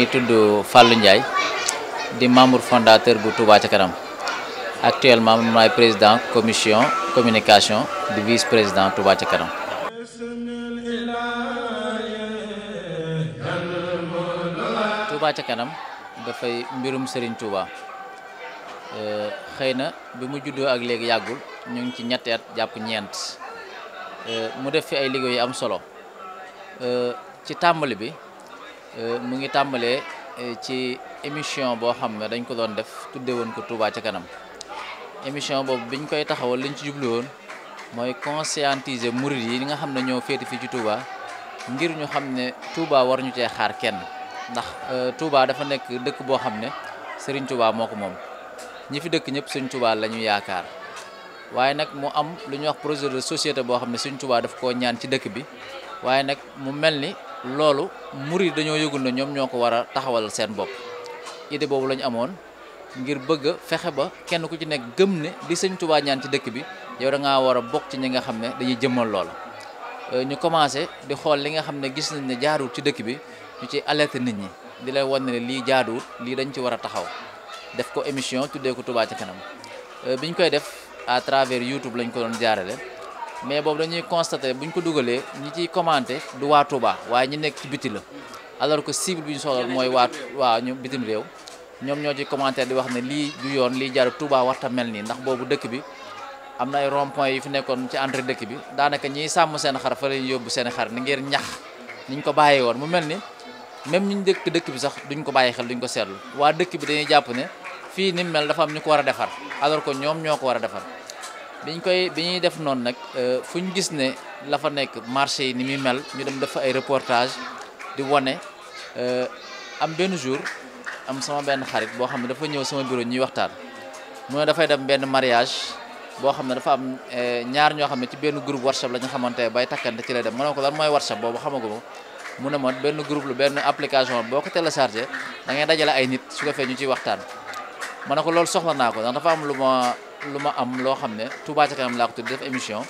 ngi tudd Fallou Ndiaye di membre fondateur bu Touba ca kanam actuellement man président commission communication di vice président Touba ca kanam Touba ca kanam dafay mbirum Serigne Touba euh, xëy na bi mu juddoo ak léegi yàggul ñu ngi ci ñetti at jàpp ñeent euh, mu def fi ay liggéey yu am solo euh, ci tàmbali bi Euh, mu ngi tàmbalee euh, ci émission boo xam ne dañ ko doon def tudde woon ko Touba ca kanam émission boobu biñ koy taxawal liñ ci jublu woon mooy conscientiser murid yi nga xam ne ñoo féete fi ci Touba ngir ñu xam ne Touba war ñu cee xaar kenn ndax euh, Touba dafa nekk dëkk boo xam ne sëriñ Touba moo ko moom ñi fi dëkk ñëpp suñ Touba la ñu yaakaar waaye nag mu am lu ñuy wax projet de société boo xam ne suñ Touba daf ko ñaan ci dëkk bi waaye nag mu mel ni loolu murid dañoo yëgul na ñoom ñoo ko war a taxawal seen bopp idée boobu lañu amoon ngir bëgg a fexe ba kenn ku ci nekk gëm ne li sëñ Tuubaa ñaan ci dëkk bi yow da ngaa war a bokk ci ñi nga xam ne dañuy jëmmal lool euh, ñu commencé di xool li nga xam ne gis nañ ne jaaduwut ci dëkk bi ñu ci alerte nit ñi di lay wan lii jaaduwut lii dañ ci war a taxaw def ko émission tuddee ko tubaa ci kanam euh, biñ koy def à travers YouTube lañ ko doon jaarale. mais boobu dañuy constater bu ñu ko dugalee ñi ciy commenté du waa Touba waaye ñi nekk ci biti la alors que cible bi ñu soxla mooy waa ñu bitim réew ñoom ñoo ciy commentaire di wax ne lii du yoon lii jaru Touba waxta mel nii ndax boobu dëkk bi am na ay rond point yi fi nekkoon ci entre dëkk bi daanaka ñiy sàmm seen xar fa lañuy yóbbu seen xar ni ngir ñax niñ ko bàyyee woon mu mel ni même ñu dëkk dëkk bi sax duñ ko bàyyi xel duñ ko seetlu waa dëkk bi dañuy jàpp ne fii ni mel dafa am ñu ko war a defar alors que ñoom ñoo ko war a defar biñ koy bi ñuy def noonu nag euh, fu ñu gis ne la fa nekk marché yi ni muy mel ñu dem def ay reportage di wane euh, am benn jour am sama benn xarit boo xam ne dafa ñëw sama bureau ñuy waxtaan mu ne dafay dem benn mariage boo xam ne dafa am euh, ñaar ñoo xam ne ci benn groupe WhatsApp la ñu xamante bay takkante ci lay dem ko lan mooy WhatsApp boobu xamaguma mu ne ma benn groupe lu benn application boo ko téléchargé da ngay dajale ay nit su ko fee ñu waxtaan loolu soxla naa ko dafa am lu ma lu ma am loo xam ne Touba ca kanam laa ko tudd def émission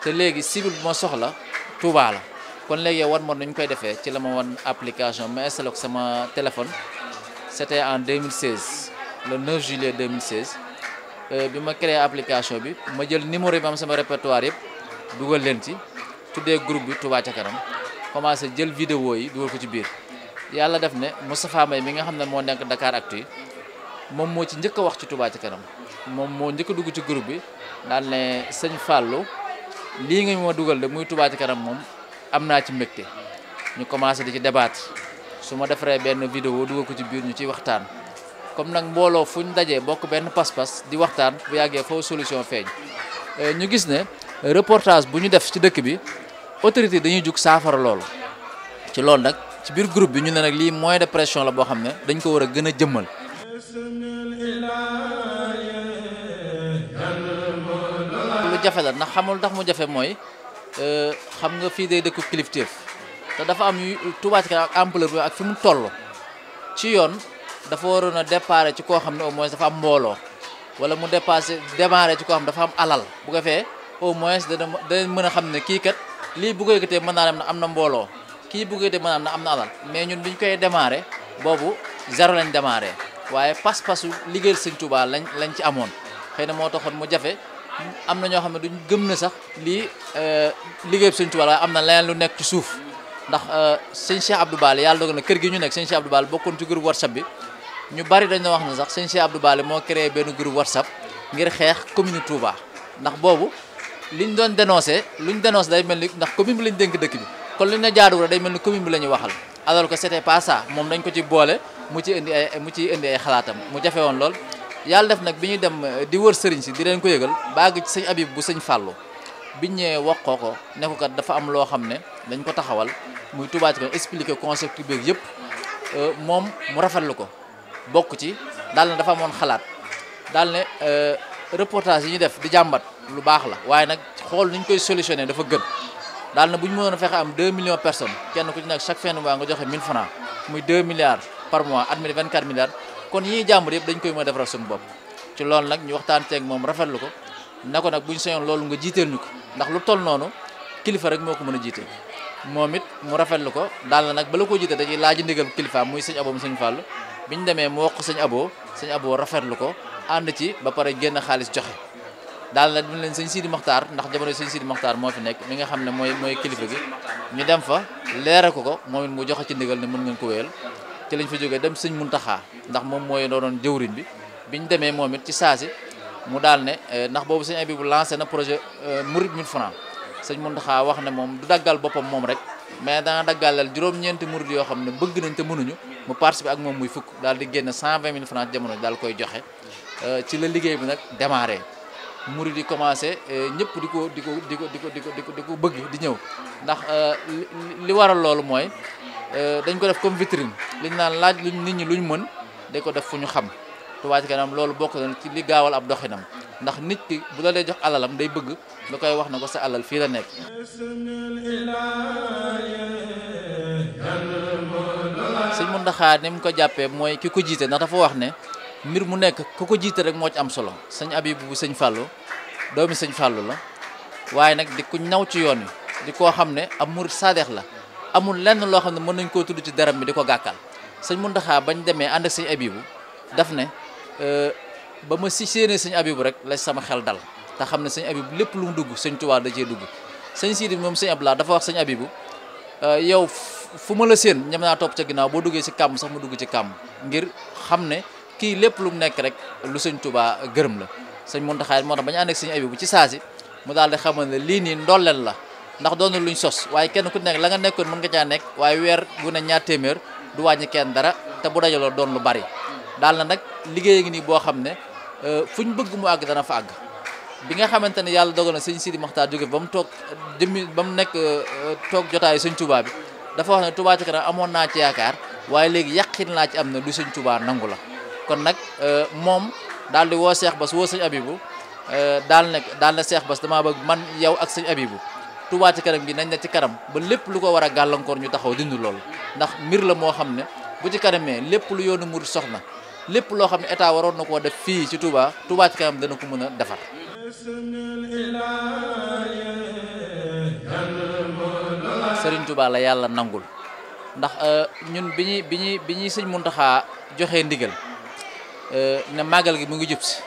te léegi cible bu ma soxla Touba la kon léegi yow wan ma nuñ koy defee ci la ma wan application ma installé ko sama téléphone c'était en 2016 le 9 juillet 2016 euh, bi ma créé application bi ma jël numéro yi am sama répertoire yëpp dugal leen ci tuddee groupe bi Touba ca kanam commencé jël vidéo yi dugal ko ci biir yàlla def ne Moustapha May mi nga xam ne moo nekk Dakar Actu moom moo ci njëkk a wax ci Touba ca kanam moom moo njëkk dugg ci groupe bi daal ne sëñ Fallou lii nga ma dugal de muy Touba Kanam moom am naa ci mbégte ñu commencé di ci débattre su ma defaree benn vidéo dugal ko ci biir ñu ciy waxtaan comme nag mbooloo fu ñu dajee bokk benn pas-pas di waxtaan bu yàggee foofu solution feeñ euh, ñu gis ne reportage bu ñu def ci dëkk bi autorité dañuy jug saafara loolu ci loolu nag ci biir groupe bi ñu ne nag lii moyen de pression la boo xam ne dañ ko war a gën a jëmmal jafe la ndax xamul ndax mu jafe mooy euh, xam nga fii day dëkku kilifteef te dafa am Touba Ca Kanam ak ampleur bi ak fi mu toll ci yoon dafa waroon a déparé ci koo xam ne o moins dafa am mbooloo wala mu dépassé démarré ci koo xam dafa am alal bu ko fee au moins dana da mën a xam ne kii kat lii bu ko yëkkatee mën naa dem na am na mbooloo kii bu ko yëkkatee na am na alal mais ñun bi ñu koy démarré boobu zéro lañ démarré waaye pas-pasu liggéeyal Sëñ Touba lañ lañ ci amoon xëy am na ñoo xam ne duñ gëm na sax lii euh, liggéey Sëñ Tuubaa waaye am na leneen lu nekk ci suuf ndax euh, sëñ Cheikh Abdou Bale yàlla dogal na kër gi ñu nekk sëñ Cheikh Abdou bokkoon ci groupe WhatsApp bi ñu bari dañ na wax na sax sëñ Cheikh Abdou moo créé benn groupe WhatsApp ngir xeex commune Touba ndax boobu ñu doon lu ñu dénoncé day mel ni ndax commune bi lañ dénk dëkk bi kon liñ ne jaaduwul day mel ni commune bi la ñuy waxal alors que c'était moom dañ ko ci boole mu ci indi ay mu ci indi xalaatam mu jafe woon lool yàlla def nag bi ñu dem euh, di wër sëriñ si di leen ko yëgal baag ci sëñ Abib bu sëñ Fallou biñ ñëwee wax ko ko ne ko kat dafa am loo xam ne dañ ko taxawal muy tubaat Ca Kanam expliqué concept beeg yëpp euh, moom mu rafet lu ko bokk ci daal ne dafa amoon xalaat daal ne euh, reportage yi ñu def di jàmbat lu baax la waaye nag xool ni ñu koy solutionné dafa gën daal ne bu ñu mënoon a fexe am 2 millions personnes kenn ku ci nekk chaque fin du mois nga joxe 1000 francs muy 2 milliards par mois at kon yi ñuy jàmbur yëpp dañ koy mën a defaral suñu bopp ci loolu nag ñu waxtaan ceeg moom rafetlu ko na ko nag buñ sañoon loolu nga jiiteel ñu ko ndax lu toll noonu kilifa rek moo ko mën a jiite moom it mu rafetlu ko daal na nag bala koo jiite dañuy laaj ndigal kilifaam muy sëñ abo sëñ fàllu biñ demee mu wax sëñ abo sëñ rafetlu ko ànd ci ba pare génn xaalis joxe daal na du leen sëñ Sidi Mokhtar ndax jamono sëñ Sidi Mokhtar moo fi nekk mi nga xam ne mooy mooy kilifa gi ñu dem fa leere ko ko moom it mu joxe ci ndigal ne mën ngeen ko wéyal ci lañ fa jógee dem sëñ Muntaxa ndax moom mooy doonoon jëwriñ bi biñ demee moom it ci saasi mu daal ne eh, ndax boobu sëñ bu lancé na projet eh, muri 1000 francs sëñ Muntaxa wax ne moom du daggal boppam moom rek mais dana daggalal juróom-ñeenti murid yoo xam ne bëgg nañ te mënuñu mu participer ak moom muy fukk daal di génn cent 120 000 francs jamono daal koy joxe eh, ci la liggéey bi nag démarré murid yi commencé ñëpp di ko di ko di ko di ko di ko di ko bëgg di ñëw ndax li waral loolu mooy dañ ko def comme vitrine liñ naan laaj luñ nit ñi lu ñu mën dañ ko def fu ñu xam Touba Ca Kanam loolu bokk na ci li gaawal ab doxinam ndax nit ki bu la dee jox alalam day bëgg lu koy wax na ko sa alal fii la nekk Sëñ Muntaxa ni mu ko jàppee mooy ki ko jiite ndax dafa wax ne mbir mu nekk ku ko jiite rek moo ci am solo sëñ Abibu bu sëñ Fàllu doomi sëñ Fàllu la waaye nag di ku naw ci yoon wi di koo xam ne ab murit la amul lenn loo xam ne mën nañ koo tudd ci daram mi di ko gàkkal sëñ Muntaxa bañ demee ànd ak sëñ Abibu daf ne euh, ba ma si séenee sëñ Abibu rek la sama xel dal te xam ne sëñ Abibu lépp lu mu dugg sëñ Tuubaa da cee dugg sëñ Siidi moom sëñ Abdulaa dafa wax sëñ Abibu euh, yow fu ma la séen ñam naa topp ca ginnaaw boo duggee si kàmm sax mu dugg ci kàmm ngir xam ne kii lépp lu mu nekk rek lu sëñ Tuubaa gërëm la sëñ Muntaxa moo tax bañ ànd ak sëñ Abibu ci saasi mu daal di xamal ne lii nii ndolleel la ndax doon luñ sos waaye kenn ku nekk la nga nekkoon mën nga caa nekk waaye weer bu ne ñaar téeméer du wàññi kenn dara te bu dajaloo doon lu bari daal na nag liggéey ngi nii boo xam ne euh, fuñ bëgg mu àgg dana fa àgg bi nga xamante ne yàlla dogal na sëñ Sidi Moxtaar jóge ba mu toog jëmmi ba mu nekk euh, toog jotaayu sëñ Touba bi dafa wax ne Touba ci kanam amoon naa ci yaakaar waaye léegi yàqin laa ci am na du sëñ Touba nangu la kon nag euh, moom daal di woo Cheikh Bass woo sëñ Abibu daal ne daal na Cheikh bëgg man yow ak sëñ Abibu tubaa ci kanam gi nañ na ci kanam ba lépp lu ko war a gàllankoor ñu taxaw dindi loolu ndax mbir la moo xam ne bu ci kanamee lépp lu yoonu murid soxna lépp loo xam ne état waroon na koo def fii ci tubaa Touba ci kanam dana ko mën a defar. Serigne Touba la yàlla nangul ndax euh, ñun bi ñuy bi ñuy bi ñuy sëñ Muntaxa joxe ndigal euh, ne màggal gi mu ngi jub si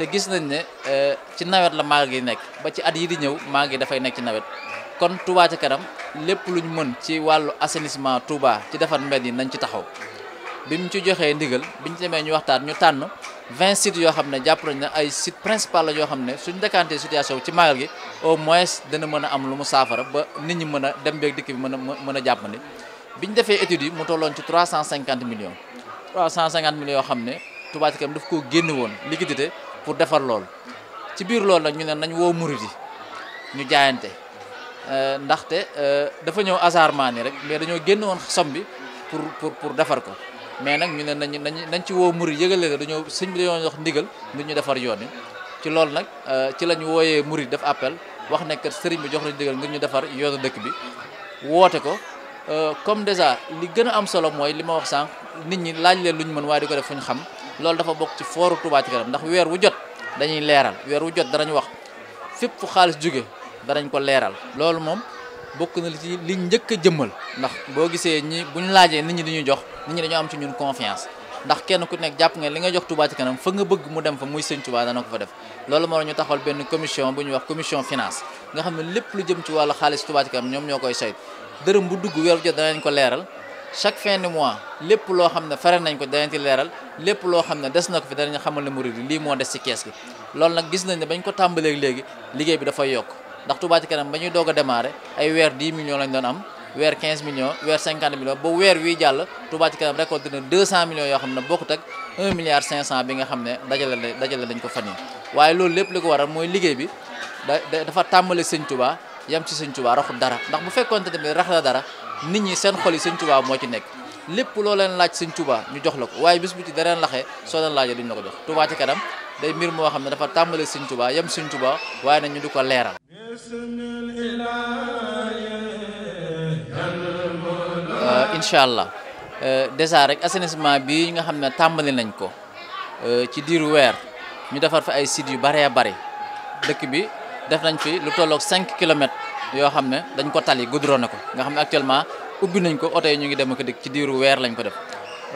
te gis nañ ne euh, ci nawet la maa gi nekk ba ci at yi di ñëw maa ngi dafay nekk ci nawet kon Touba ci kanam lépp lu ñu mën ci wàllu assainissement Touba ci defar mbedd yi nañ ci taxaw bi mu ci joxee ndigal bi ñu demee ñu waxtaan ñu tànn 20 sites yoo xam ne nañ ne ay sites yoo xam ne suñ décanté situation ci maagal gi au moins dana mën a am lu mu saafara ba nit ñi mën a dem beeg dikk bi mën a mën a jàppandi bi ñu defee études yi mu tolloon ci million millions 350 millions yoo xam ne Touba ci kanam daf koo génn woon liquidité pour defar lool ci biir loolu nag ñu ne nañ woo murid yi ñu jaayante euh, ndaxte euh, dafa ñëw hasardement ni rek mais dañoo génn woon somme bi pour pour pour defar ko mais nag ñu ne nañ nañ nañ ci woo murid yëgale ne dañoo sëñ bi dañoo jox ndigal ngir ñu defar yoon yi ci loolu nag euh, ci lañ wooyee murid def appel wax ne kat sëriñ bi jox nañu ndigal ngir ñu defar yoonu dëkk bi woote ko comme déjà li gën a am solo mooy li ma wax sànq nit ñi laaj leen lu ñu mën waaye di ko fu ñu xam lol dafa bok ci foru Touba ci kanam ndax weer wu jot dañuy leeral weer wu jot danañ wax fépp xaaliss xaalis jóge danañ ko leeral lol mom bok na li li njëkk jëmmal ndax bo gisee ñi buñ laajee nit ñi dañuy jox nit ñi dañu am ci ñun confiance ndax kenn ku nekk japp nga li nga jox Touba ci kanam fa nga bëgg mu dem fa muy sëñ Touba dana ko fa def lol mo ñu taxawal ben commission buñ wax commission finance nga xam lepp lu jëm ci wala xaaliss Touba ci kanam ñom ñokoy sayt deureum bu dugg weer wu jot dañ ko leeral chaque fin de mois lépp loo xam ne fere nañ ko danañ ci leeral lépp loo xam ne des na ko fi danañ xamal ne murid yi lii moo des ci kees gi loolu nag gis nañ ne bañ ko tàmbalee léegi liggéey bi dafay yokk ndax Touba ci kanam ba ñuy doog a ay weer 10 millions lañ doon am weer 15 millions weer 50 millions ba weer wii jàll Touba ci kanam récolté na 200 millions yoo xam ne bokkut ak 1 milliard 500 bi nga xam ne dajale dajale lañ ko fan yi loolu lépp li ko waral mooy liggéey bi da dafa tàmbale sëñ Touba yam ci sëñ Touba raxul dara ndax bu fekkoon tamit dara nit ñi seen xol yi sëñ moo ci nekk lépp loo leen laaj sëñ tubaa ñu jox la ko waaye bis bu ci dareen laxee soo leen laajee duñ la ko jox Tuubaa ci kanam day mbir moo xam ne dafa tàmbale sëñ Tuubaa yem sëñ Tuubaa waaye nag ñu di ko leeral euh, incha allah euh, dèjà rek assainissement bi nga xam ne tàmbali nañ ko euh, ci diiru weer ñu defar fa ay sites yu baree bari dëkk bi def nañ fi lu tolloog 5 kilomètres yoo xam ne dañ ko tali goudronné ko nga xam ne actuellement ubbi nañ ko oto yi ñu ngi dem ko dikk ci diiru weer lañ ko def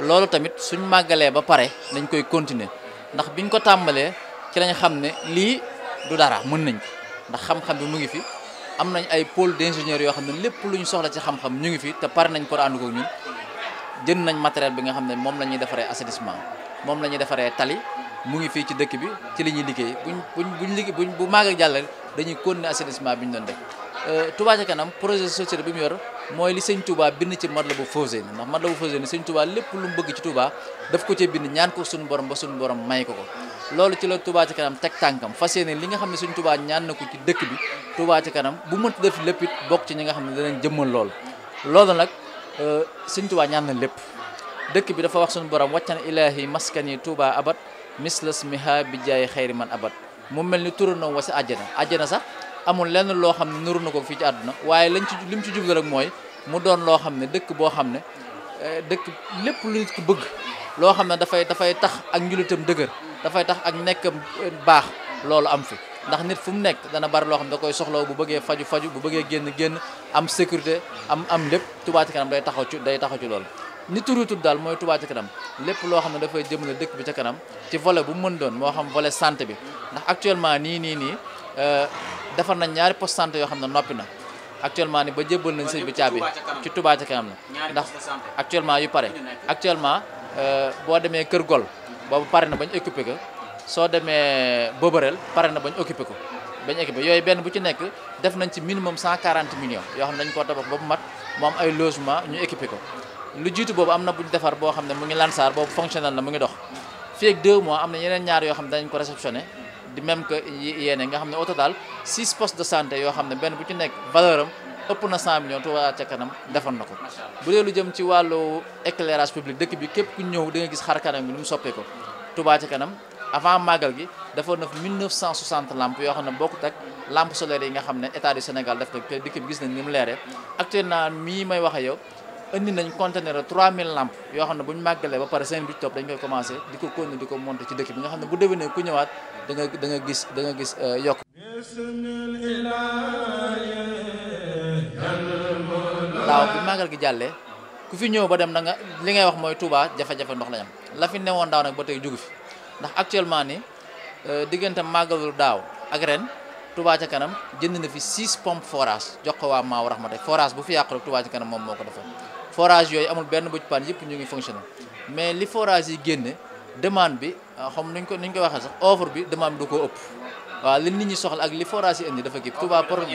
loolu tamit suñ màggalee ba pare dañ koy continuer ndax bi ñu ko tàmbalee ci lañ xam ne lii du dara mën nañ fi ndax xam-xam bi mu ngi fi am nañ ay pôle d'ingénieur yoo xam ne lépp lu ñu soxla ci xam-xam ñu ngi fi te pare nañ ko ànd ko ñun jënd nañ matériel bi nga xam ne moom la ñuy defaree assainissement moom la ñuy defaree tali mu ngi fii ci dëkk bi ci li ñuy liggéey buñ buñ buñ liggéey buñ bu màgg ak jàll dañuy continuer assainissement bi ñu doon def Euh, Touba ca kanam projet société bi mu yor mooy li sëñ Touba bind ci Matlabul Fawzayni ndax Matlabul Fawzayni sëñ Touba lépp lu mu bëgg ci tubaa daf ko cee bind ñaan ko suñu borom ba suñu borom may ko ko loolu ci la Touba ca kanam teg tànkam fas yéene li nga xam ne suñ tubaa ñaan na ko ci dëkk bi Touba ca kanam bu mënta def lépp it ci ñi nga xam ne danañ jëmmal loolu loolu nag euh, sëñ Touba ñaan na lépp dëkk bi dafa wax suñu borom wàccan ilaahi maskani Touba abad mislas miha bi jaay xayri man abad mu mel ni turandoom wa si àjjana àjjana sax amul lenn loo xam ne nuru na ko fii ci àdduna waaye lañ ci lim ci jublu rek mooy mu doon loo xam ne dëkk boo xam ne eh, dëkk lépp lu nit ki bëgg loo xam ne dafay dafay tax ak njulitam dëgër dafay tax ak nekkam eh, baax loolu am fi ndax nit fu mu nekk dana bari loo xam ne da koy soxla bu bëggee faju faju bu bëggee génn génn am sécurité am am lépp Touba Ca Kanam taxaw ci day taxaw ci loolu ni turu daal mooy Touba Kanam lépp loo xam ne dafay jëmale dëkk bi ca kanam ci vole bu mën doon moo xam volet santé bi ndax actuellement nii nii nii eh, defar nañ ñaari poste santé yoo xam ne noppi na actuellement ni ba jébbal nañ sëñ bi caabi ci Touba ca kanam la ndax actuellement yu pare actuellement euh, boo demee Kër Gol boobu pare na bañ occupé ko soo demee Bobareel pare na bañ occupé ko bañ occupé yooyu benn bu ci nekk def nañ ci minimum 140 millions yoo xam ne dañ koo tabax ba mu mat moom am ay logement ñu équipé ko lu jiitu boobu am na buñ defar boo xam ne mu ngi lansaar boobu fonctionnel na mu ngi dox fii ak am na yeneen ñaar yoo xam ne dañ ko réceptionné di même que yéene nga xam ne au daal six postes de santé yoo xam ne benn bu ci nekk valeur am ëpp na 100 millions Touba ca kanam defoon na ko bu dee lu jëm ci wàllu éclairage public dëkk bi képp ku ñëw da nga gis xar kanam bi nu mu soppee ko Touba ca kanam avant màggal gi defoon na fi 1960 lampes yoo xam ne bokkut ak lampes solaires yi nga xam ne état du Sénégal def na te dëkk bi gis nañ ni mu leeree actuellement mii may wax ak yow indi nañ conteneur 3000 lampes yo xamne buñu magalé ba pare semaine bi top dañ koy commencer diko ko continuer di monter ci dëkk bi nga xamne bu déwéné ku ñëwaat da nga da nga gis da nga gis euh, yok daaw bi magal gi jallé ku fi ñëw ba dem da nga li ngay wax moy Touba jafa jafa ndox la ñam la fi néwon daaw nak ba tay jugu fi ndax actuellement ni euh, diggante màggalu daaw ak ren Touba ci kanam jënd na fi 6 pompes forage jox ko wa Maaw rahmaté forage bu fi yàqu rek Touba ci kanam mom moko defal forage yooyu amul benn bu ci panne ñu ngi fonctionné mais li forage yi génne demande bi ah, xam nuñ ko nuñ koy waxee sax offre bi demande bi du ko ëpp waaw li nit ñi soxla ak li forage yi indi dafa kii Touba problème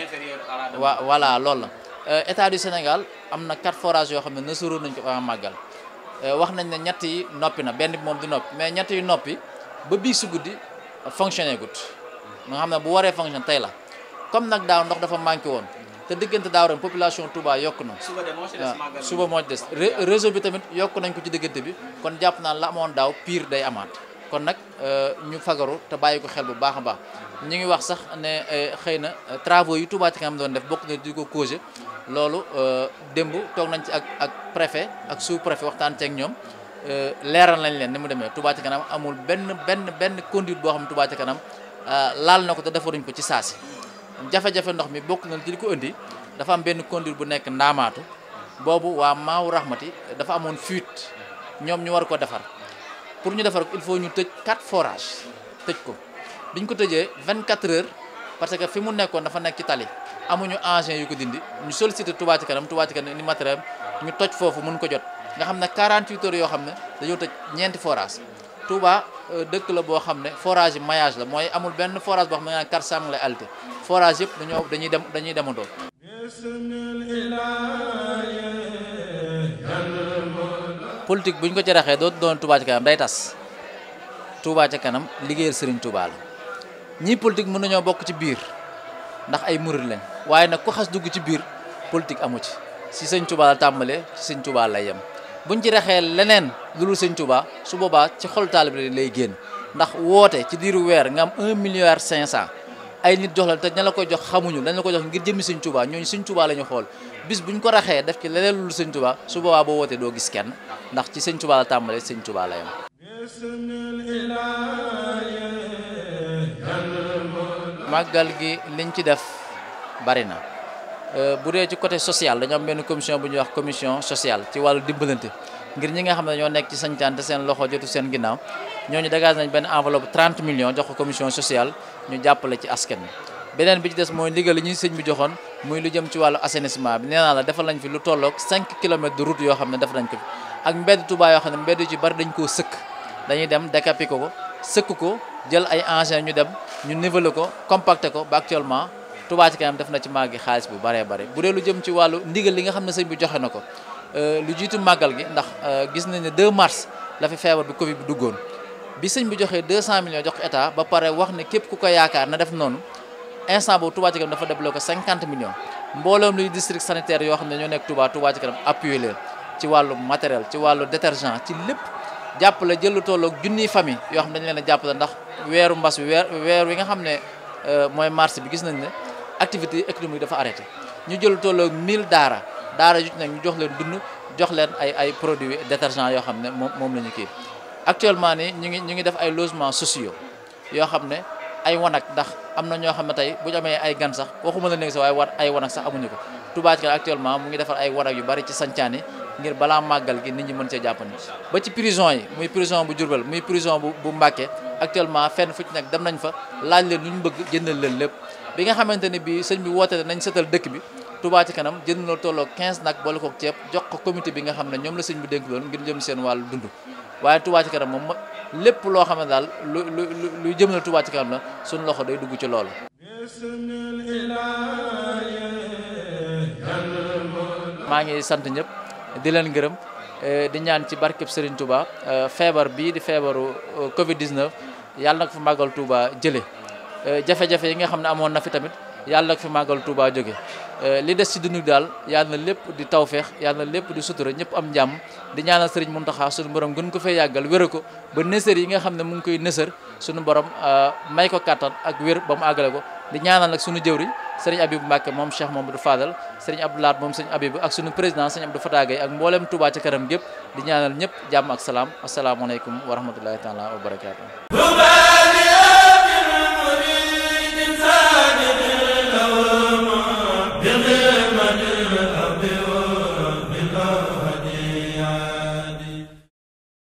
waaw voilà loolu la euh, état du Sénégal am na quatre forages yoo xam ne nasaroon nañ ko ba màggal euh, wax nañ ne ñett yi noppi na benn bi moom du noppi mais ñetti noppi ba bii su guddi fonctionné gut nga xam ne bu waree fonctionné tey la comme nag daaw ndox dafa manqué woon te diggante daaw ren population Touba yokk na waaw ah, suba moo ci des réseau bi tamit yokk nañ ko ci diggante bi kon jàpp naa la amoon daaw pire day amaat kon nag euh, ñu fagaru te bàyyi ko xel bu baax a baax ñu ngi wax sax ne euh, xëy na euh, travaux yu Touba ci kanam doon def bokk na di ko causé loolu démb toog nañ ci ak ak préfet ak sous préfet waxtaan ceeg ñoom leeral nañ leen ni mu demee tubaa ci kanam amul benn benn benn conduite boo xam tubaa ci kanam laal na ko te defaruñ ko ci saa si jafe-jafe ndox mi bokk na ci li ko indi dafa am benn conduite bu nekk ndaamaatu boobu waa Maawu Rahmati dafa amoon fuite ñoom ñu war ko defar pour ñu defar ko il faut ñu tëj quatre forage tëj ko biñ ko tëjee 24 heures parce que fi mu nekkoon dafa nekk ci tali amuñu engin yu ko dindi ñu sollicité Touba ci kanam Touba ci kanam ni matériel ñu toj foofu mun ko jot nga xam ne 48 heures yoo xam ne dañoo tëj ñeenti forage Touba euh, dëkk la boo xam ne forage yi la mooy amul benn forage boo xam ne nga naan karsam lay alte forage yëpp dañoo dañuy dem dañuy demandoo politique buñ ko ci raxee dootu doon Touba ca kanam day tas Touba ca kanam liggéeyal sëriñ Touba la ñii politique mën nañoo bokk ci biir ndax ay murid lañ waaye nag ku xas dugg ci biir politique amu ci si sëñ Touba la tàmbalee si sëñ Touba lay yem buñ ci raxee leneen lu dul sëñ Touba su boobaa ci xol taalib lay génn ndax woote ci diiru weer nga am un cent ay nit jox la te ña la koy jox xamuñu dañ la ko jox ngir jëmmi sëñ tubaa ñooñu sëñ Touba la ñu xool bis buñ ko raxee def ci leneen lu dul sëñ Touba su boobaa boo wootee doo gis kenn ndax ci sëñ Touba la tàmbalee sëñ Touba la màggal gi liñ ci def bari na. Euh, bu dee ci côté social dañu am benn commission bu ñu wax commission sociale ci wàllu dimbalante ngir ñi nga xam ne ñoo nekk ci sañtaan te seen loxo jotu seen ginnaaw ñooñu dégage nañ benn enveloppe 30 millions jox ko commission sociale ñu jàppale ci askan wi. beneen bi ci des mooy ndigal li ñu sëñ bi joxoon muy lu jëm ci wàllu assainissement bi nee naa la defal nañ fi lu tolloog 5 kilomètres de route yoo xam ne def nañ ko fi ak mbedd Touba yoo ne mbedd yu ci bari dañ koo sëkk dañuy dem décapi ko ko sëkk ko jël ay engins ñu dem ñu niveler ko compacter ko ba actuellement. tubaa ci kanam def na ci màggi xaalis bu baree bare bu dee lu jëm ci wàllu ndigal li nga xam ne sëñ bi joxe na ko euh, lu jiitu màggal gi ndax euh, gis nañ ne 2 mars la fi feebar bi Covid bi duggoon bi sëñ bi joxee 200 millions jox ko état ba pare wax ne képp ku ko yaakaar na def noonu instant boobu Touba ci kanam dafa débloqué 50 millions mbooloom luy district sanitaire yoo xam ne ñoo nekk Touba Touba ci kanam appuyé leen ci wàllu matériel ci wàllu détergent ci lépp jàppale jël lu tolloog junniy famille yoo xam ne dañu leen a jàppale ndax weeru mbas wi weer weer wi nga xam ne euh, mooy mars bi gis nañ ne activité économique dafa arrêté ñu jël tolloog 1000 daara daara yu ñu jox leen dund jox leen ay ay produits détergents yoo xam ne moom moom la ñu kii actuellement nii ñu ngi ñu ngi def ay logements sociaux yoo xam ne ay wanag ndax am na ñoo xam ne tey bu ñu amee ay gan sax waxuma la néeg sax waaye war ay wanag sax amuñu ko Touba Ca actuellement mu ngi defar ay wanag yu bari ci sancaan ngir balaa màggal gi nit ñi mën cee jàppandi ba ci prison yi muy prison bu Diourbel muy prison bu bu Mbàkke actuellement fenn fu ci dem nañ fa laaj leen lu ñu bëgg jëndal leen lépp bi nga xamante ne bii sëñ bi woote nañ setal dëkk bi Touba ci kanam jënd na tolloo 15 nag boole koog ceeb jox ko comité bi nga xam ne ñoom la sëñ bi dénk loon ngir jëm seen wàllu dund waaye Touba kanam moom lépp loo xam ne daal lu lu lu jëm na Touba ci kanam la suñu loxo day dugg ci lool maa ngi sant ñëpp di leen gërëm eh, di ñaan ci barkeb Serigne Touba eh, feebar bii di feebaru eh, Covid 19 yàlla nag ko fi màggal Touba jëlee. Euh, jafe-jafe yi nga xam ne amoon na fi tamit yàlla fi màggal Touba jóge euh, li des ci dund daal yàlla na lépp di tawfeex yàlla na lépp di sutura ñëpp am jàmm di ñaanal sëriñ Muntaxa suñu borom gën ko fee yàggal wér ko ba nësër yi nga xam ne mu ngi koy nësër suñu borom euh, may ko kàttan ak wér ba mu àggale ko di ñaanal nag suñu jëwriñ sëriñ Abibu Mbàkke moom Cheikh Mamadou Fadal sëriñ Abdou Lahat moom sëriñ Abibu ak suñu président sëriñ Abdou Fatah Gaye ak mbooleem Touba ca kanam gépp di ñaanal ñëpp jàmm ak salaam asalaamaaleykum wa rahmatullahi taala wa barakaatu